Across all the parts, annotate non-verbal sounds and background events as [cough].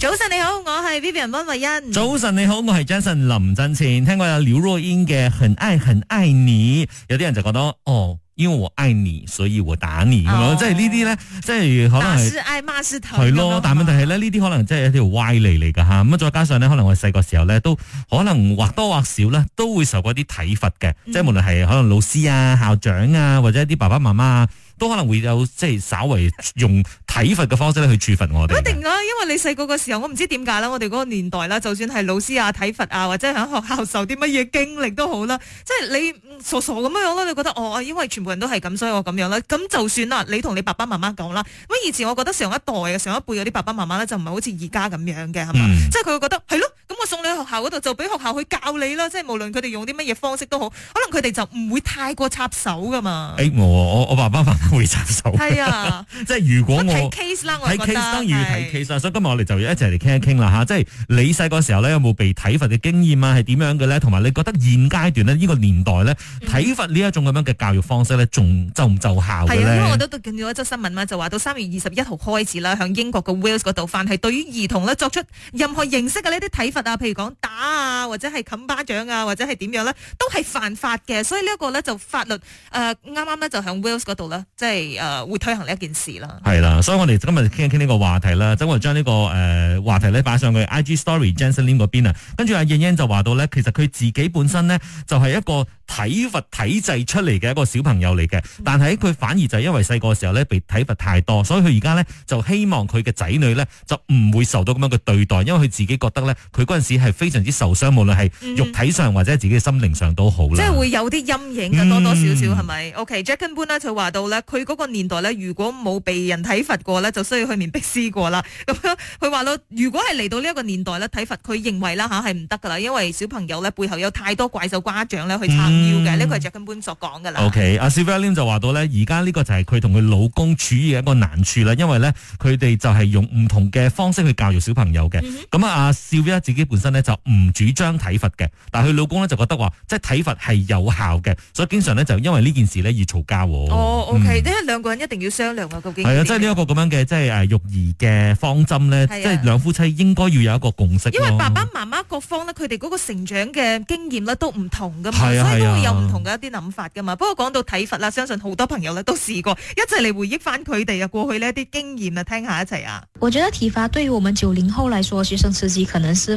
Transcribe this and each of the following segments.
早晨你好，我係 Vivian 溫慧欣。早晨你好，我係 Jason 林振前。聽過有劉若英嘅《很愛很愛你》，有啲人就覺得哦，因為我愛你，所以我打你咁樣。即係呢啲咧，即係可能係打是愛，罵是疼，係咯。嗎但係問題係咧，呢啲可能真係一條歪理嚟噶吓。咁啊，再加上咧，可能我細個時候咧，都可能或多或少咧，都會受過一啲體罰嘅，嗯、即係無論係可能是老師啊、校長啊，或者一啲爸爸媽媽。都可能會有即係稍為用體罰嘅方式咧去處罰我哋。一定啊，因為你細個嘅時候，我唔知點解啦。我哋嗰個年代啦，就算係老師啊、體罰啊，或者喺學校受啲乜嘢經歷都好啦。即係你傻傻咁樣咯，你覺得我、哦、因為全部人都係咁，所以我咁樣啦。咁就算啦，你同你爸爸媽媽講啦。咁以前我覺得上一代嘅上一輩嗰啲爸爸媽媽咧，就唔係好似而家咁樣嘅，係嘛？即係佢會覺得係咯。咁我送你去學校嗰度，就俾學校去教你啦。即係無論佢哋用啲乜嘢方式都好，可能佢哋就唔會太過插手噶嘛。欸、我我我爸爸媽媽會插手。係啊，即係如果我睇 case 啦，我睇 case 當然要睇其實。所以今日我哋就一齊嚟傾一傾啦吓。即係你細個時候咧，有冇被體罰嘅經驗啊？係點樣嘅咧？同埋你覺得現階段咧，呢個年代咧，體罰呢一種咁樣嘅教育方式咧，仲奏唔奏效嘅咧，啊？因為我都都見到一則新聞啦，就話到三月二十一號開始啦，響英國嘅 Wales 嗰度凡係對於兒童咧作出任何形式嘅呢啲體罰。啊，譬如講打啊，或者係冚巴掌啊，或者係點樣咧，都係犯法嘅。所以這呢一個咧就法律誒，啱啱咧就喺 Wales 嗰度啦，即係誒會推行呢一件事啦。係啦，所以我哋今日傾一傾呢個話題啦，咁我哋將呢個誒、呃、話題咧擺上去 IG Story Jansen Lim 嗰邊啊。跟住阿、啊、燕燕就話到咧，其實佢自己本身咧就係、是、一個體罰體制出嚟嘅一個小朋友嚟嘅，但係佢反而就係因為細個嘅時候咧被體罰太多，所以佢而家咧就希望佢嘅仔女咧就唔會受到咁樣嘅對待，因為佢自己覺得咧佢。嗰陣時係非常之受傷，無論係肉體上或者自己嘅心靈上都好、嗯、即係會有啲陰影，多多少少係咪、嗯、？OK，Jacken、okay, Boone 呢就話到呢，佢嗰個年代呢，如果冇被人體罰過呢，就需要去面壁思過啦。咁樣佢話到，如果係嚟到呢一個年代呢，體罰佢認為啦吓係唔得噶啦，因為小朋友呢，背後有太多怪獸家長呢去撐腰嘅。呢、嗯、個係 Jacken Boone 所講噶啦。OK，阿 Sylvia 就話到呢，而家呢個就係佢同佢老公處理嘅一個難處啦，因為呢，佢哋就係用唔同嘅方式去教育小朋友嘅。咁、嗯、啊，阿 Sylvia 自己。本身咧就唔主張體罰嘅，但係佢老公咧就覺得話即係體罰係有效嘅，所以經常咧就因為呢件事咧而嘈交。哦，O、okay, K，、嗯、因為兩個人一定要商量啊，究竟係啊，即係呢一個咁樣嘅即係誒育兒嘅方針咧，即係兩夫妻應該要有一個共識。因為爸爸媽媽各方咧，佢哋嗰個成長嘅經驗咧都唔同噶嘛，啊、所以都會有唔同嘅一啲諗法噶嘛。啊、不過講到體罰啦，相信好多朋友咧都試過，一齊嚟回憶翻佢哋嘅過去呢一啲經驗啊，聽下一齊啊。我覺得體罰對於我們九零後來說，學生時期可能是。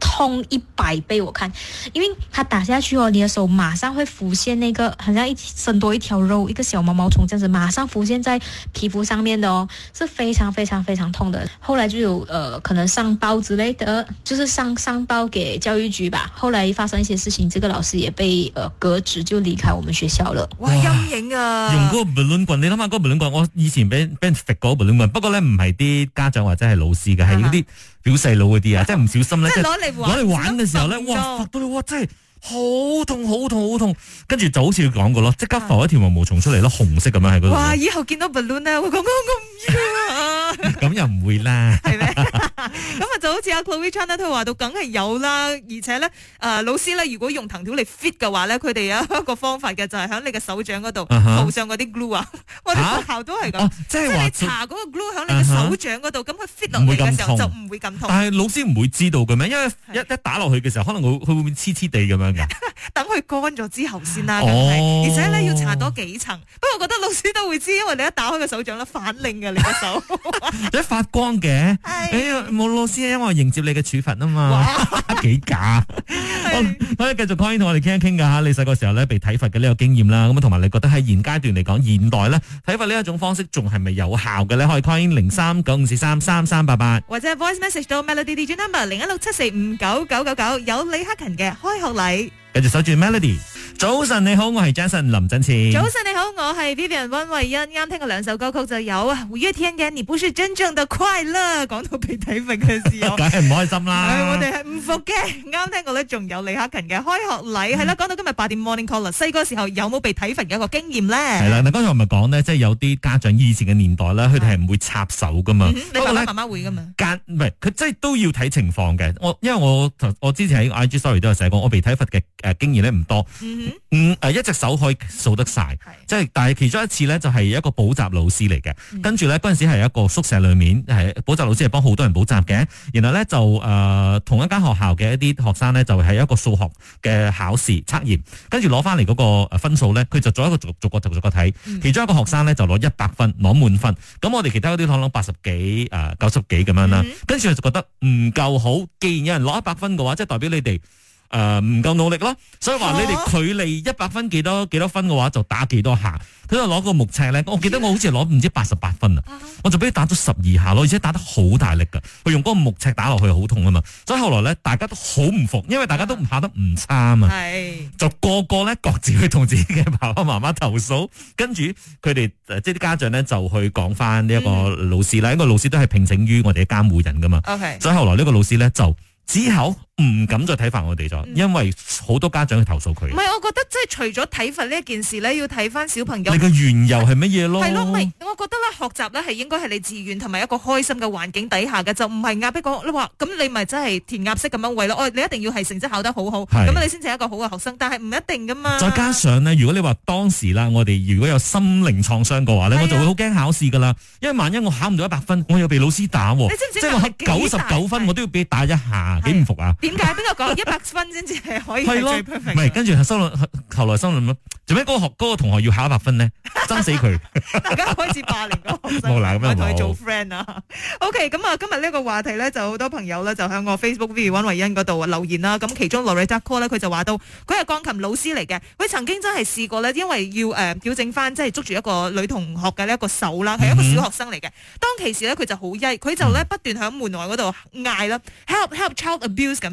痛一百倍，我看，因為他打下去哦，你的手馬上會浮現那個，好像一生多一條肉，一個小毛毛蟲這樣子，馬上浮現在皮膚上面的哦，是非常非常非常痛的。後來就有呃，可能上報之類的，就是上上報給教育局吧。後來發生一些事情，這個老師也被呃革職，就離開我們學校了。哇，陰影啊！用個不良棍，你諗下個不良棍！我以前被被 n 過不良棍，不過呢，唔係啲家長或者係老師嘅，係嗰啲表細佬嗰啲啊，即係唔小心呢。攞嚟玩嘅時候咧，哇，發到你，哇，真係好痛，好痛，好痛，跟住就好似佢講過咯，即刻浮一條毛毛蟲出嚟咯，啊、紅色咁樣喺嗰度。哇，以後見到 balloon 咧，我講我唔要啊。咁 [laughs] [laughs] 又唔會啦，係咩？咁啊，就好似阿 Chloe 佢話到，梗係有啦，而且咧，誒，老師咧，如果用藤條嚟 fit 嘅話咧，佢哋有一個方法嘅，就係喺你嘅手掌嗰度塗上嗰啲 glue 啊，我哋學校都係咁，即係你搽嗰個 glue 喺你嘅手掌嗰度，咁佢 fit 落嚟嘅時候就唔會咁痛。但係老師唔會知道嘅咩？因為一一打落去嘅時候，可能佢佢會黐黐地咁樣嘅。等佢乾咗之後先啦，係，而且咧要搽多幾層。不過我覺得老師都會知，因為你一打開個手掌咧，反擰嘅你個手，一發光嘅，冇老師，因為迎接你嘅處罰啊嘛，幾哇 [laughs] 假！可以繼續 call 同我哋傾一傾噶吓，你細個時候咧被體罰嘅呢個經驗啦，咁同埋你覺得喺現階段嚟講，現代咧體罰呢一種方式仲係咪有效嘅咧？可以 call in 零三九五四三三三八八，或者 voice message 到 melody digital number 零一六七四五九九九九，有李克勤嘅開學禮。繼續守住 melody。早晨你好，我係 Jason 林振市。早晨你好，我係 Vivian 溫慧欣。啱聽過兩首歌曲就有啊，五月天嘅《你不是真正的快樂》。講到被體罰嘅時候，梗係唔開心啦。嗯、我哋係唔服嘅。啱聽過呢，仲有李克勤嘅開學禮係、嗯、啦。講到今日八點 morning call 啦。細個時候有冇被體罰嘅一個經驗咧？係啦，嗱，剛才我咪講咧，即、就、係、是、有啲家長以前嘅年代啦，佢哋係唔會插手噶嘛、嗯，你爸爸媽、媽媽會噶嘛。唔係，佢即係都要睇情況嘅。我因為我我之前喺 IG sorry 都有寫過，我被體罰嘅。誒，經驗咧唔多，mm hmm. 嗯，誒，一隻手可以數得晒，即係、mm，hmm. 但係其中一次咧就係一個補習老師嚟嘅，mm hmm. 跟住咧嗰陣時係一個宿舍裏面，係補習老師係幫好多人補習嘅，然後咧就誒、呃、同一間學校嘅一啲學生咧就係一個數學嘅考試測驗，跟住攞翻嚟嗰個分數咧，佢就做一個逐逐逐個睇，其中一個學生咧就攞一百分，攞滿分，咁我哋其他嗰啲可能八十幾，誒九十幾咁樣啦，mm hmm. 跟住佢就覺得唔夠好，既然有人攞一百分嘅話，即、就、係、是、代表你哋。誒，唔夠、呃、努力咯，所以話你哋距離一百分幾多幾多分嘅話，就打幾多下。佢就攞個木尺咧，我記得我好似攞唔知八十八分啊，我就俾佢打咗十二下咯，而且打得好大力噶，佢用嗰個木尺打落去好痛啊嘛。所以後來咧，大家都好唔服，因為大家都唔考得唔差啊，是就個個咧各自去同自己嘅爸爸媽媽投訴，跟住佢哋即係啲家長咧就去講翻呢一個老師啦，嗯、因為老師都係聘請於我哋嘅監護人噶嘛。Okay 所以後來呢個老師咧就之後。唔敢再體罰我哋咗，因為好多家長去投訴佢。唔係，我覺得即係除咗體罰呢一件事咧，要睇翻小朋友。你個緣由係乜嘢咯？係咯，係，我覺得咧學習咧係應該係你自願同埋一個開心嘅環境底下嘅，就唔係壓逼講你話，咁你咪真係填鴨式咁樣喂咯。你一定要係成績考得好好，咁你先至係一個好嘅學生，但係唔一定噶嘛。再加上咧，如果你話當時啦，我哋如果有心靈創傷嘅話咧，我就會好驚考試噶啦，因為萬一我考唔到一百分，我又被老師打喎，即係九十九分，我都要俾打一下，幾唔服啊！點解邊個講一百分先至係可以最 perfect 嘅？唔係，跟住心諗，後來心諗，做咩嗰個學嗰個同學要考一百分咧？憎死佢！大家開始霸凌個學生，唔好同佢做 friend 啊！OK，咁啊，今日呢個話題咧，就好多朋友咧，就喺我 Facebook page 溫慧欣嗰度啊留言啦。咁其中 Loretta Cole 咧，佢就話到，佢係鋼琴老師嚟嘅，佢曾經真係試過咧，因為要誒調整翻，即係捉住一個女同學嘅呢一個手啦，係一個小學生嚟嘅。當其時咧，佢就好曳，佢就咧不斷喺門外嗰度嗌啦，Help help child abuse 咁。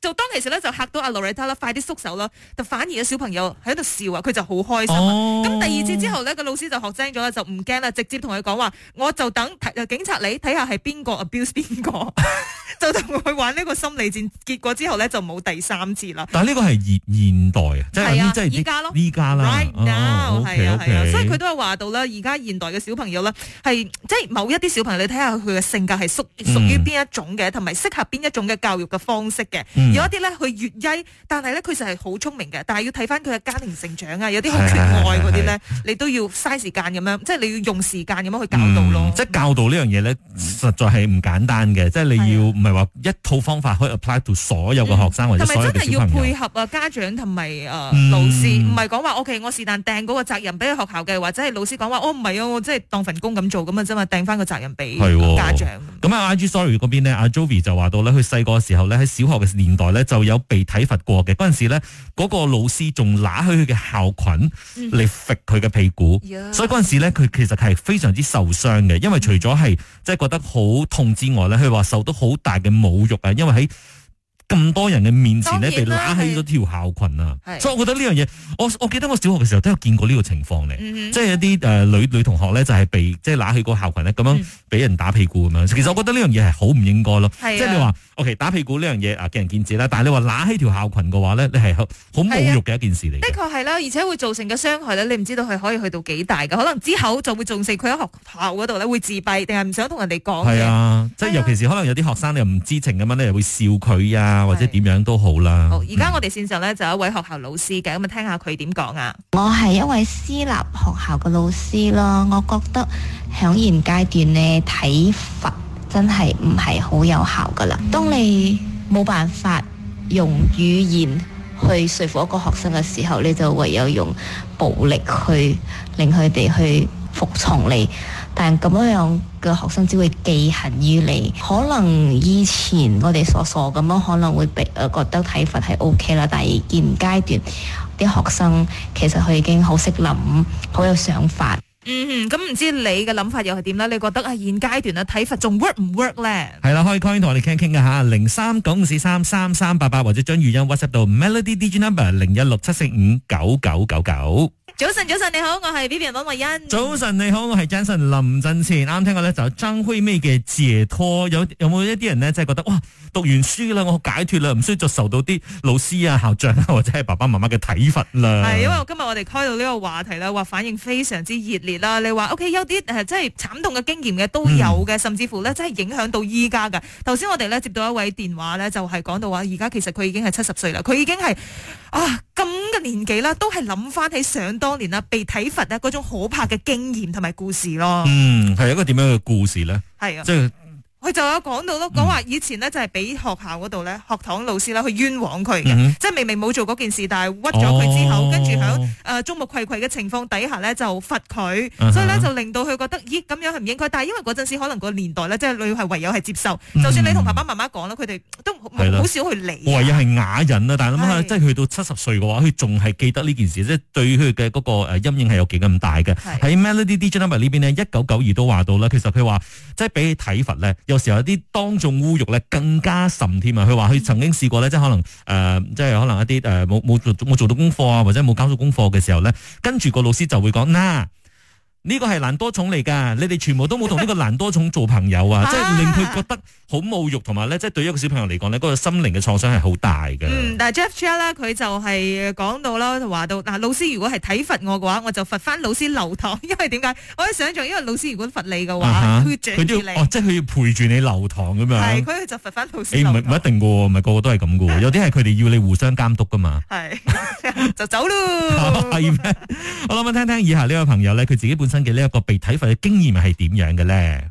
就當其實咧就嚇到阿 Loretta 啦，快啲縮手啦！就反而嘅小朋友喺度笑啊，佢就好開心。咁、oh. 第二次之後呢，個老師就學精咗，就唔驚啦，直接同佢講話，我就等警察你睇下係邊個 abuse 邊個，看看 [laughs] 就同佢玩呢個心理戰。結果之後呢，就冇第三次啦。但係呢個係現代啊，即係即係依家咯，依家啦。Right now，係、oh, okay , okay. 啊係啊，所以佢都係話到啦，而家現代嘅小朋友啦係即係某一啲小朋友，你睇下佢嘅性格係屬屬於邊一種嘅，同埋適合邊一種嘅教育嘅方式嘅。嗯有一啲咧，佢越曳，但係咧佢就係好聰明嘅。但係要睇翻佢嘅家庭成長啊，有啲好缺愛嗰啲咧，你都要嘥時間咁樣，即係你要用時間咁樣去教導咯。即係教導呢樣嘢咧，實在係唔簡單嘅。即係你要唔係話一套方法可以 apply to 所有嘅學生或者所有嘅小朋友，同埋真係要配合啊家長同埋啊老師，唔係講話 OK，我是但掟嗰個責任俾學校嘅，或者係老師講話我唔係啊，我即係當份工咁做咁啊啫嘛，掟翻個責任俾家長。咁喺 IG Sorry 嗰邊咧，阿 Jovi 就話到咧，佢細個時候咧喺小學嘅年。代咧就有被體罰過嘅，嗰陣時咧，嗰個老師仲拿去佢嘅校裙嚟揈佢嘅屁股，所以嗰陣時咧，佢其實係非常之受傷嘅，因為除咗係即係覺得好痛之外咧，佢話受到好大嘅侮辱啊，因為喺。咁多人嘅面前呢，被揦起咗條校裙啊！是所以，我覺得呢樣嘢，我我記得我小學嘅時候都有見過呢個情況咧，嗯嗯即係一啲誒、呃、女女同學呢，就係被即係揦起個校裙呢，咁樣俾人打屁股咁樣。嗯、其實我覺得呢樣嘢係好唔應該咯，啊、即係你話，OK 打屁股呢樣嘢啊見仁見智啦。但係你話揦起條校裙嘅話呢，你係好好侮辱嘅一件事嚟、啊。的確係啦，而且會造成嘅傷害呢，你唔知道佢可以去到幾大嘅，可能之後就會造成佢喺學校嗰度呢會自閉，定係唔想同人哋講嘅。係啊，即係尤其是，是、啊、可能有啲學生你又唔知情咁樣你又會笑佢啊。是或者點樣都好啦。好，而家我哋線上咧就有一位學校老師嘅，咁啊、嗯、聽下佢點講啊。我係一位私立學校嘅老師咯，我覺得響現階段呢，體罰真係唔係好有效噶啦。當你冇辦法用語言去說服一個學生嘅時候，你就唯有用暴力去令佢哋去服從你。但咁樣樣嘅學生只會記恨於你。可能以前我哋傻傻咁樣，可能會俾誒覺得體罰係 OK 啦。但係現階段啲學生其實佢已經好識諗，好有想法。嗯，咁、嗯、唔、嗯、知你嘅諗法又係點咧？你覺得係現階段嘅體罰仲 work 唔 work 咧？係啦，可以 call in 同我哋傾傾嘅吓，零三九五四三三三八八，8，或者將語音 WhatsApp 到 melody d number 零一六七四五九九九九。早晨，早晨，你好，我係 Vivian 文慧欣。早晨，你好，我係 Jason 林振前。啱聽過咧，就是，張輝咩嘅解脱。有有冇一啲人呢？即係覺得哇，讀完書啦，我解脱啦，唔需要再受到啲老師啊、校長啊，或者係爸爸媽媽嘅體罰啦。係，因為今日我哋開到呢個話題咧，話反應非常之熱烈啦。你話 O K，有啲誒，即，呃、係慘痛嘅經驗嘅都有嘅，嗯、甚至乎呢即係影響到依家嘅。頭先我哋呢接到一位電話呢，就係，是，講到話，而家其實佢已經係七十歲啦，佢已經係啊。咁嘅年紀啦，都係諗翻起想當年啦，被體罰呀嗰種可怕嘅經驗同埋故事咯。嗯，係一個點樣嘅故事咧？係啊的，即係。佢就有講到咯，講話以前呢就係俾學校嗰度咧，嗯、學堂老師咧去冤枉佢嘅，嗯、哼即係明明冇做嗰件事，但係屈咗佢之後，跟住喺誒眾目睽睽嘅情況底下咧就罰佢，嗯、哼所以呢，就令到佢覺得咦咁樣係唔應該。但係因為嗰陣時可能個年代呢，即係你係唯有係接受，嗯、哼就算你同爸爸媽媽講啦，佢哋都好的少去理。我唯有係啞人啊，但係諗啊，即係的去到七十歲嘅話，佢仲係記得呢件事，即係對佢嘅嗰個陰影係有幾咁大嘅。喺的 Melody d a n m 呢邊，一九九二都話到啦，其實佢話即係俾體罰呢。時有時候啲當眾侮辱咧，更加甚添啊！佢話佢曾經試過咧，即係可能誒、呃，即係可能一啲誒，冇、呃、冇做冇做到功課啊，或者冇交到功課嘅時候咧，跟住個老師就會講呢個係難多重嚟噶你哋全部都冇同呢個難多重做朋友啊，即係、 [laughs] 啊、令佢覺得好侮辱，同埋咧，即係對一個小朋友嚟講咧，嗰、那個心靈嘅創傷係好大嘅、嗯。但係 Jeff Chia 咧，佢就係講到啦，話到嗱，老師如果係體罰我嘅話，我就罰翻老師留堂，因為點解？我喺想象，因為老師如果罰你嘅話，佢、uh huh, 要，要即係佢要陪住你留堂咁樣。係，佢就罰翻老師。誒、欸，唔係唔一定噶喎，唔係個個都係咁噶喎，有啲係佢哋要你互相監督噶嘛。係， [laughs] [laughs] [laughs] 就走咯。 [laughs] [laughs] 我諗諗聽聽以下呢個朋友咧，佢自己本身。嘅呢一個被體罰嘅經驗係點樣嘅咧？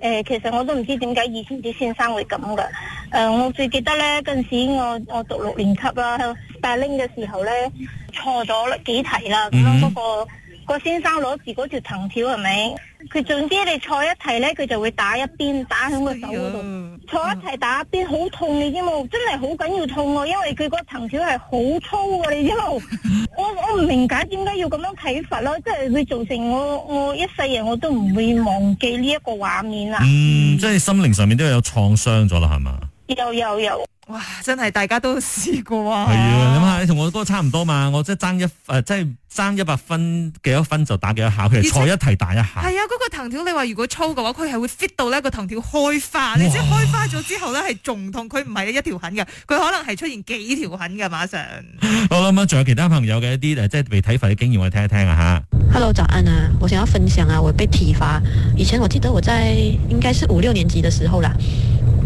誒，其實我都唔知點解以前啲先生會咁噶。誒，我最記得咧，嗰陣時我我讀六年級啦，Spelling 嘅時候咧，錯咗幾題啦，咁樣嗰個。個先生攞住嗰條藤條係咪？佢總之你坐一齊咧，佢就會打一邊，打響個手嗰度。坐一齊打一邊，好痛你知冇？真係好緊要痛哦，因為佢個藤條係好粗嘅，你知冇？ [laughs] 我我唔明解點解要咁樣體罰咯，即係會造成我我一世人我都唔會忘記呢一個畫面啊！嗯，即係心靈上面都有創傷咗啦，係嘛？有，有，有。哇！真係大家都試過啊！係啊，你同我都差唔多嘛。我即係爭一誒，即係爭一百分幾多分就打幾多下，佢實坐一題，打一下。係啊且，嗰、嗯那個藤條你話如果粗嘅話，佢係會 fit 到呢個藤條開花。哇你知，係開花咗之後咧，係仲痛。佢唔係一條痕嘅，佢可能係出現幾條痕嘅。馬上好啦，咁仲、哦嗯、有其他朋友嘅一啲誒，即係被體罰嘅經驗，我聽一聽啊吓。Hello，早安啊！我想要分享啊，我被體罰。以前我記得我在應該是五六年級嘅時候啦。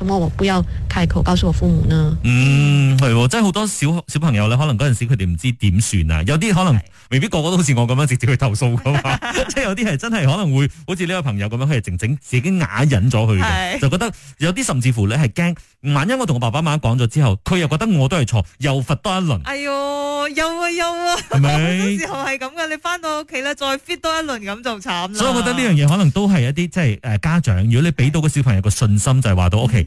怎麼我不要開口告訴我父母呢？嗯，係、哦，即係好多小小朋友咧，可能嗰陣時佢哋唔知點算啊。有啲可能未必個個個都好似我咁樣直接去投訴噶嘛，即係 [laughs] 有啲係真係可能會好似呢個朋友咁樣，佢係靜靜自己啞忍咗佢嘅， [laughs] 就覺得有啲甚至乎你係驚，萬一我同我爸爸媽媽講咗之後，佢又覺得我都係錯，又罰多一輪。哎喲，有啊，有啊，係咪？好多時候係咁嘅，你翻到屋企呢，再 fit 多一輪咁就慘啦。所以我覺得呢樣嘢可能都係一啲即係誒家長，如果你俾到個小朋友個信心， [laughs] 就係話到 O K。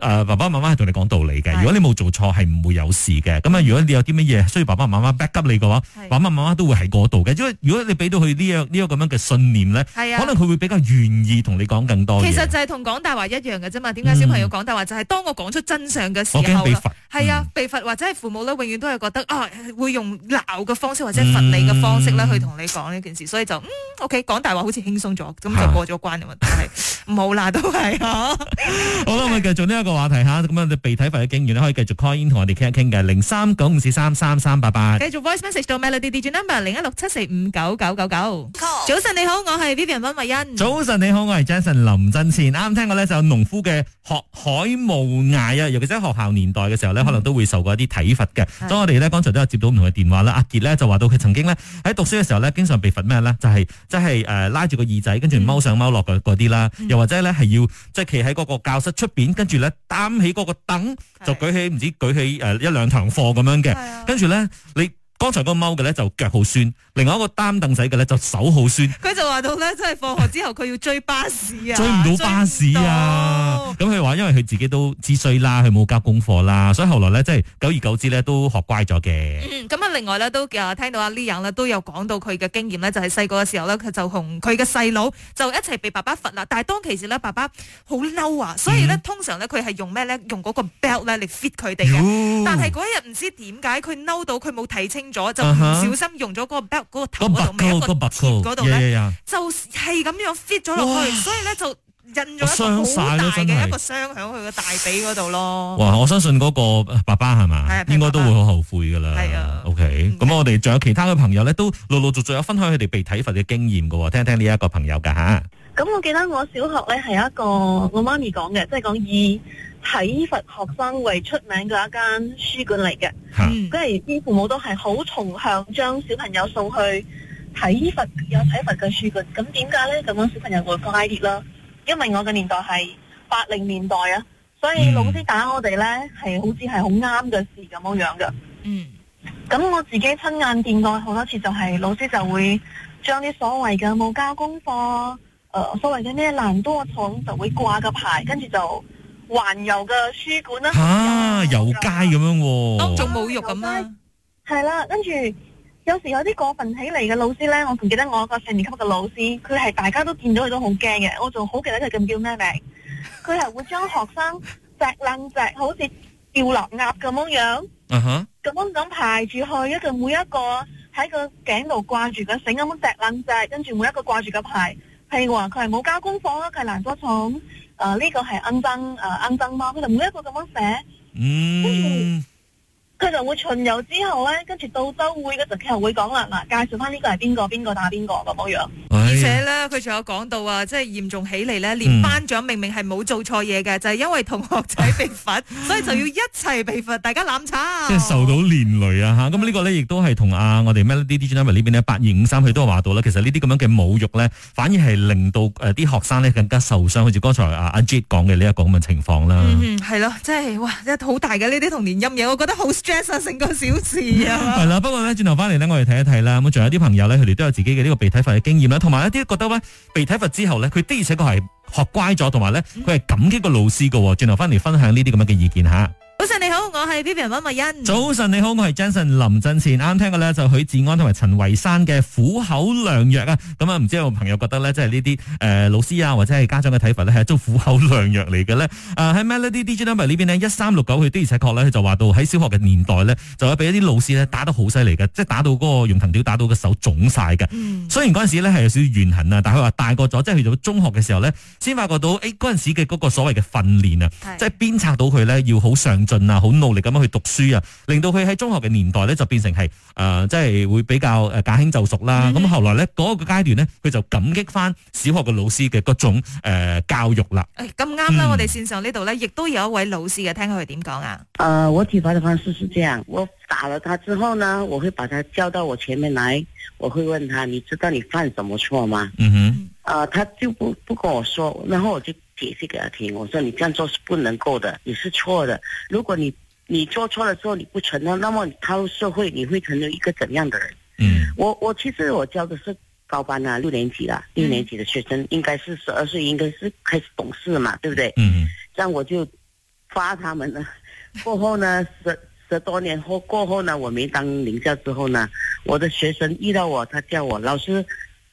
誒爸爸媽媽係同你講道理嘅，如果你冇做錯係唔會有事嘅。咁啊，如果你有啲乜嘢需要爸爸媽媽 back up 你嘅話，爸爸媽媽都會係嗰度嘅。因為如果你俾到佢呢樣呢個咁樣嘅信念咧，可能佢會比較願意同你講更多嘢。其實就係同講大話一樣嘅啫嘛。點解小朋友講大話就係當我講出真相嘅時候啦？我怕被罰，係啊，被罰或者係父母咧，永遠都係覺得啊，會用鬧嘅方式或者罰你嘅方式咧去同你講呢件事，所以就嗯 OK 講大話好似輕鬆咗，咁就過咗關嘅嘛。但係冇啦，都係好啦，我哋繼續呢個話題吓，咁樣嘅被體罰嘅經驗咧，可以繼續 call in 同我哋傾一傾嘅，零三九五四三三三八八，繼續 voice message 到 Melody D J number 零一六七四五九九九九。早晨你好，我係 Vivian 温慧欣。早晨你好，我係 Jason 林振倩。啱啱聽過咧就農夫嘅學海無涯啊，尤其喺學校年代嘅時候咧，可能都會受過一啲體罰嘅。所以我哋咧剛才都有接到唔同嘅電話啦。阿杰咧就話到佢曾經咧喺讀書嘅時候咧，經常被罰咩咧？就係即係誒拉住個耳仔，跟住踎上踎落嘅嗰啲啦，又或者咧係要即係企喺嗰個教室出邊，跟住咧。擔起嗰個燈，就舉起唔知舉起誒、呃、一兩堂課咁樣嘅，的跟住咧你。剛才嗰個踎嘅咧就腳好酸，另外一個擔凳仔嘅咧就手好酸。佢就話到咧，即係放學之後佢要追巴士啊， [laughs] 追唔到巴士啊。咁佢話因為佢自己都知衰啦，佢冇交功課啦，所以後來咧即係久而久之咧都學乖咗嘅。咁啊、嗯，另外咧都啊聽到阿 Leon 咧都有講到佢嘅經驗咧，就係細個嘅時候咧，佢就同佢嘅細佬就一齊被爸爸罰啦。但係當其時咧，爸爸好嬲啊，所以咧、嗯、通常咧佢係用咩咧？用嗰個 belt 咧嚟 fit 佢哋。但係嗰日唔知點解佢嬲到佢冇睇清咗就唔小心用咗嗰個頭嗰、uh huh. 個嗰度咧，uh huh. 就係咁樣 fit 咗落去，yeah, yeah. 所以咧就印咗傷晒嘅一個傷喺佢個大髀嗰度咯。哇！我相信嗰個爸爸係咪？是是的應該都會好後悔噶啦。係啊的，OK。咁我哋仲有其他嘅朋友咧，都陸陸續續有分享佢哋被體罰嘅經驗噶。聽聽呢一個朋友噶吓。嗯咁我記得我小學咧係一個我媽咪講嘅，即係講以體罰學生為出名嘅一間書館嚟嘅，跟住啲父母都係好崇尚將小朋友送去體罰有體罰嘅書館。咁點解咧？咁樣小朋友會乖啲啦？因為我嘅年代係八零年代啊，所以老師打我哋咧係好似係好啱嘅事咁樣樣嘅。嗯，咁我自己親眼見過好多次，就是，就係老師就會將啲所謂嘅冇交功課。所謂嘅咩爛多廠就會掛個牌，跟住就環遊嘅書館啦。吓，遊街咁樣，就冇用噶嘛？係啦，跟住有時有啲過分起嚟嘅老師咧，我仲記得我個四年級嘅老師，佢係大家都見到佢都好驚嘅。我仲好記得佢咁叫咩名？佢係會將學生隻冷隻，好似吊落鴨咁樣。嗯哼。咁樣咁排住去，一個每一個喺個頸度掛住個繩咁樣隻冷隻，跟住每一個掛住個牌。譬如話佢係冇交功課啦，佢係難多廠。誒、呃、呢、這個係硬爭，誒硬爭嘛，佢就每一個咁樣寫，嗯，佢就會巡遊之後咧，跟住到周會嗰陣，佢又會講啦，嗱，介紹翻呢個係邊個，邊個打邊個咁樣樣。而且咧，佢仲、哎、呀有講到啊，即、就、係、是、嚴重起嚟咧，連班長明明係冇做錯嘢嘅，嗯、就係因為同學仔被罰， [laughs] 所以就要一齊被罰，大家攬炒。即係受到連累啊！嚇、嗯，咁呢個咧亦都係同啊，我哋 Melody D J i 呢邊咧八二五三佢都話到啦，其實呢啲咁樣嘅侮辱咧，反而係令到啲學生咧更加受傷，好似剛才阿阿 Jit 講嘅呢一個咁嘅情況啦。嗯，嗯，係咯、啊，即係哇，真係好大嘅呢啲童年陰影，我覺得好 stress 成、啊、個小時啊。係啦，不過咧轉頭返嚟咧，我哋睇一睇啦，咁仲有啲朋友咧，佢哋都有自己嘅呢個被體罰嘅經驗啦。同埋一啲覺得咧，被體罰之後咧，佢的而且確係學乖咗，同埋咧佢係感激個老師嘅，轉頭翻嚟分享呢啲咁樣嘅意見吓。早晨你好，我係 P P R 麥欣。早晨你好，我係 Jensen 林振前。啱啱聽過咧就許志安同埋陳維山嘅苦口良藥啊，咁啊唔知道有冇朋友覺得咧，即係呢啲誒老師啊或者係家長嘅睇法咧係一種苦口良藥嚟嘅咧？啊喺 Melody DJ Number 呢邊呢，一三六九佢都而且確咧佢就話到喺小學嘅年代咧，就係俾一啲老師咧打得好犀利嘅，即係打到嗰個用藤條打到個手腫晒嘅。嗯，雖然嗰陣時咧係有少少怨恨啊，但係佢話大個咗即係去到中學嘅時候咧，先發覺到誒嗰陣時嘅嗰個所謂嘅訓練啊，是即係鞭策到佢咧要好上進。啊！好努力咁樣去讀書啊，令到佢喺中學嘅年代咧就變成係誒、呃，即係會比較誒駕輕就熟啦。咁、嗯、後來咧嗰、那個階段咧，佢就感激翻小學嘅老師嘅各種誒、呃、教育啦。誒、哎，咁啱啦！嗯、我哋線上呢度咧，亦都有一位老師嘅，聽佢係點講啊？誒、呃，我體罰的方式是這樣，我打了他之後呢，我會把他叫到我前面來，我會問他，你知道你犯什麼錯嗎？嗯哼。啊、呃，他就不不跟我說，然後我就。解釋給他聽，我說你這樣做是不能夠的，你是錯的。如果你你做錯了之後你不承認，那麼你踏入社會你會成為一個怎樣的人？嗯，我我其實我教的是高班啊，六年級了，嗯、六年級的學生應該是十二歲，應該是開始懂事嘛，對不對？嗯哼，這樣我就發他們了。過後呢，十十多年後過後呢，我沒當領教之後呢，我的學生遇到我，他叫我老師。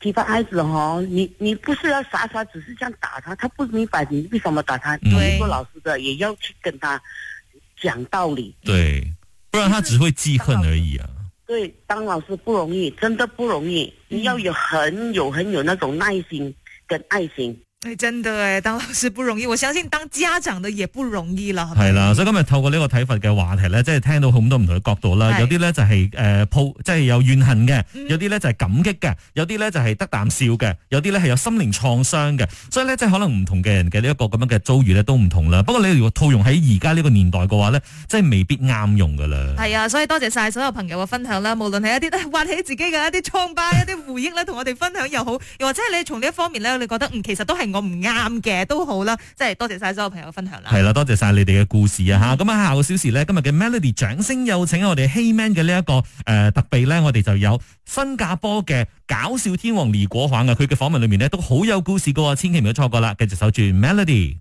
體罰孩子哈，你你不是要傻傻只是這樣打他，他不明白你為什麼打他。作為做、嗯、老師的也要去跟他講道理，對，不然他只會記恨而已啊。對，當老師不容易，真的不容易，嗯、你要有很有很有那種耐心跟愛心。誒、哎，真的誒，當老師不容易，我相信當家長都也不容易啦。係啦、啊，所以今日透過呢個睇法嘅話題咧，即係聽到好多唔同嘅角度啦。是有啲咧就係誒抱，即係有怨恨嘅、嗯就是；有啲咧就係感激嘅；有啲咧就係得啖笑嘅；有啲咧係有心靈創傷嘅。所以咧，即係可能唔同嘅人嘅呢一個咁樣嘅遭遇咧都唔同啦。不過你如果套用喺而家呢個年代嘅話咧，即係未必啱用噶啦。係啊，所以多謝晒所有朋友嘅分享啦。無論係一啲都係挖起自己嘅一啲瘡疤、一啲回憶咧，同 [laughs] 我哋分享又好，又或者係你從呢一方面咧，你覺得、嗯、其實都係。我唔啱嘅都好啦，即係多謝晒所有朋友嘅分享啦。係啦，多謝晒你哋嘅故事啊！吓、嗯，咁啊，下個小時咧，今日嘅 Melody 掌聲有請我哋 Hey Man 嘅、這個、呃、呢一個誒特備咧，我哋就有新加坡嘅搞笑天王李國煌嘅，佢嘅訪問裏面咧都好有故事噶，千祈唔好錯過啦，繼續守住、住 Melody。